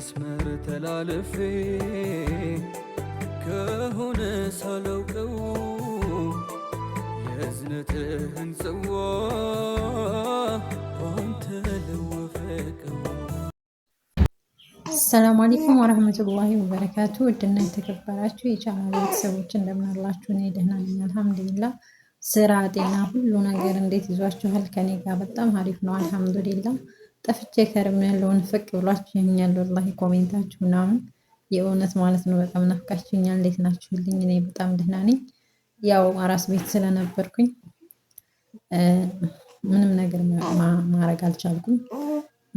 መስመር ተላልፌ ከሆነ ሳላውቀው የእዝነትህን ጽዋ ባንተ ለወፈቀው። አሰላሙ አለይኩም ወረህመቱላሂ ወበረካቱ። ውድና የተከበራችሁ የቻናል ቤተሰቦች እንደምናላችሁ፣ እኔ ደህና ነኝ አልሐምዱሊላህ። ስራ፣ ጤና፣ ሁሉ ነገር እንዴት ይዟችኋል? ከኔ ጋር በጣም አሪፍ ነው አልሐምዱሊላህ ጠፍቼ ከርም ያለው ንፍቅ ብሏችሁኛል። ወላሂ ኮሜንታችሁ ምናምን የእውነት ማለት ነው በጣም ናፍቃችሁኛል። እንዴት ናችሁልኝ? እኔ በጣም ደህና ነኝ። ያው አራስ ቤት ስለነበርኩኝ ምንም ነገር ማድረግ አልቻልኩም።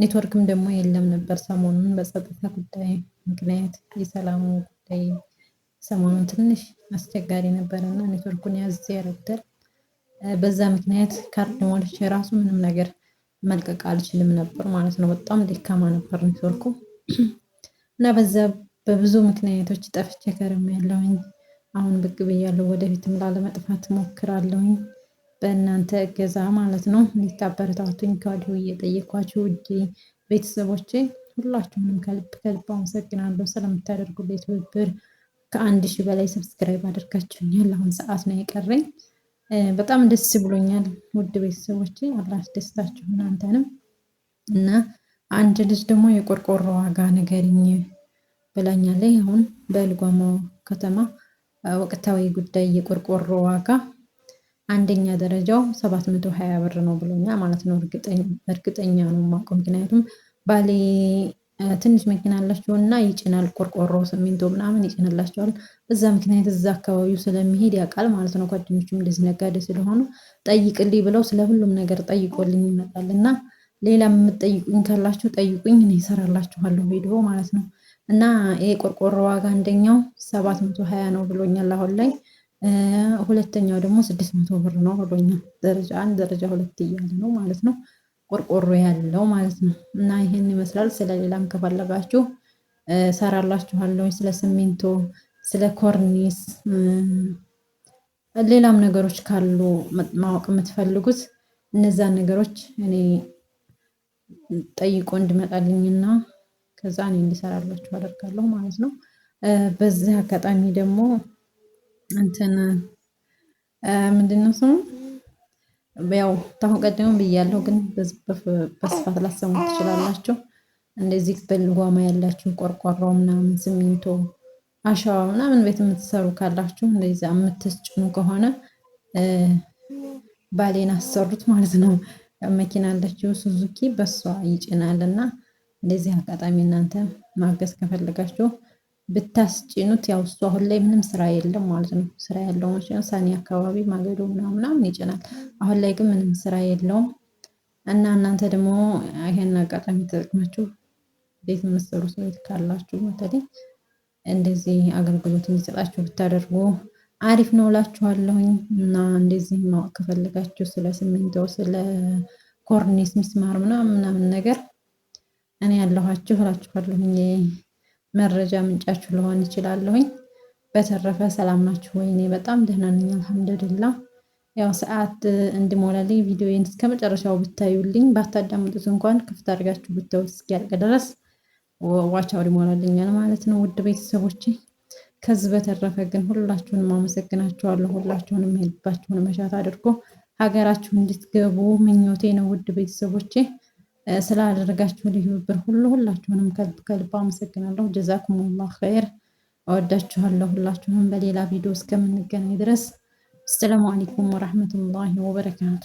ኔትወርክም ደግሞ የለም ነበር ሰሞኑን በጸጥታ ጉዳይ ምክንያት የሰላሙ ጉዳይ ሰሞኑን ትንሽ አስቸጋሪ ነበር እና ኔትወርኩን ያዝ ያረግደል። በዛ ምክንያት ካርድ ሞልቼ የራሱ ምንም ነገር መልቀቅ አልችልም ነበር ማለት ነው። በጣም ደካማ ነበር ኔትወርኩ እና በዛ በብዙ ምክንያቶች ጠፍቼ ከርም ያለውኝ አሁን ብቅ ብያለሁ። ወደፊትም ላለመጥፋት ሞክራለሁኝ በእናንተ እገዛ ማለት ነው። እንዲታበረታቱኝ ከወዲሁ እየጠየኳችሁ ውድ ቤተሰቦቼ ሁላችሁንም ከልብ ከልብ አመሰግናለሁ ስለምታደርጉልኝ ትብብር። ከአንድ ሺህ በላይ ሰብስክራይብ አድርጋችሁኛል። አሁን ሰዓት ነው የቀረኝ። በጣም ደስ ብሎኛል። ውድ ቤተሰቦች አላህ ደስታችሁ እናንተንም እና አንድ ልጅ ደግሞ የቆርቆሮ ዋጋ ንገሪኝ ብላኛለች። አሁን በልጓሞ ከተማ ወቅታዊ ጉዳይ የቆርቆሮ ዋጋ አንደኛ ደረጃው 720 ብር ነው ብሎኛል ማለት ነው። እርግጠኛ ነው የማውቀው ምክንያቱም ባሌ ትንሽ መኪና አላቸው እና ይጭናል። ቆርቆሮ ሲሚንቶ ምናምን ይጭንላቸዋል። በዛ ምክንያት እዛ አካባቢው ስለሚሄድ ያውቃል ማለት ነው። ጓደኞቹም እንደዚህ ነጋዴ ስለሆኑ ጠይቅልኝ ብለው ስለ ሁሉም ነገር ጠይቆልኝ ይመጣል እና ሌላ የምትጠይቁኝ ካላችሁ ጠይቁኝ፣ እኔ እሰራላችኋለሁ ቪዲዮ ማለት ነው። እና ይሄ ቆርቆሮ ዋጋ አንደኛው ሰባት መቶ ሀያ ነው ብሎኛል አሁን ላይ። ሁለተኛው ደግሞ ስድስት መቶ ብር ነው ብሎኛል። ደረጃ አንድ ደረጃ ሁለት እያለ ነው ማለት ነው። ቆርቆሮ ያለው ማለት ነው። እና ይህን ይመስላል። ስለሌላም ከፈለጋችሁ ሰራላችኋለሁ። ስለ ስሚንቶ፣ ስለ ኮርኒስ፣ ሌላም ነገሮች ካሉ ማወቅ የምትፈልጉት እነዛን ነገሮች እኔ ጠይቆ እንድመጣልኝና ከዛ እኔ እንዲሰራላችሁ አደርጋለሁ ማለት ነው። በዚህ አጋጣሚ ደግሞ እንትን ምንድን ነው ስሙ ያው ታሁን ቀደም ብያለሁ፣ ግን በስፋት ላሰሙ ትችላላችሁ። እንደዚህ በልጓማ ያላችሁ ቆርቆሮ ምናምን፣ ሲሚንቶ፣ አሸዋ ምናምን ቤት የምትሰሩ ካላችሁ እንደዚ የምትጭኑ ከሆነ ባሌን አሰሩት ማለት ነው። መኪና አለችው ሱዙኪ፣ በሷ ይጭናል እና እንደዚህ አጋጣሚ እናንተ ማገዝ ከፈለጋችሁ ብታስጭኑት ያው እሱ አሁን ላይ ምንም ስራ የለም ማለት ነው። ስራ ያለው ሲሆን ሳኒ አካባቢ ማገዶ ምናምናምን ይጭናል። አሁን ላይ ግን ምንም ስራ የለውም እና እናንተ ደግሞ ይሄን አጋጣሚ ተጠቅማችሁ ቤት የምትሰሩ ሰዎች ካላችሁ በተለይ እንደዚህ አገልግሎት እንዲሰጣችሁ ብታደርጉ አሪፍ ነው እላችኋለሁኝ። እና እንደዚህ ማወቅ ከፈለጋችሁ ስለ ስሚንቶ፣ ስለ ኮርኒስ፣ ሚስማር ምናምን ምናምን ነገር እኔ ያለኋችሁ እላችኋለሁኝ። መረጃ ምንጫችሁ ልሆን ይችላለሁኝ። በተረፈ ሰላም ናችሁ ወይ? እኔ በጣም ደህና ነኝ አልሐምዱሊላ። ያው ሰዓት እንድሞላልኝ ቪዲዮዬን እስከ መጨረሻው ብታዩልኝ ባታዳምጡት እንኳን ክፍት አድርጋችሁ ብታዩት እስኪያልቅ ድረስ ዋቻው ሊሞላልኛል ማለት ነው ውድ ቤተሰቦቼ። ከዚህ በተረፈ ግን ሁላችሁንም አመሰግናችኋለሁ። ሁላችሁንም የልባችሁን መሻት አድርጎ ሀገራችሁ እንድትገቡ ምኞቴ ነው ውድ ቤተሰቦቼ። ስላደረጋችሁ ብር ሁሉ ሁላችሁንም ከልብ ከልብ አመሰግናለሁ። ጀዛኩሙላህ ኸይር። እወዳችኋለሁ ሁላችሁም። በሌላ ቪዲዮ እስከምንገናኝ ድረስ አሰላሙ አለይኩም ወራህመቱላሂ ወበረካቱ።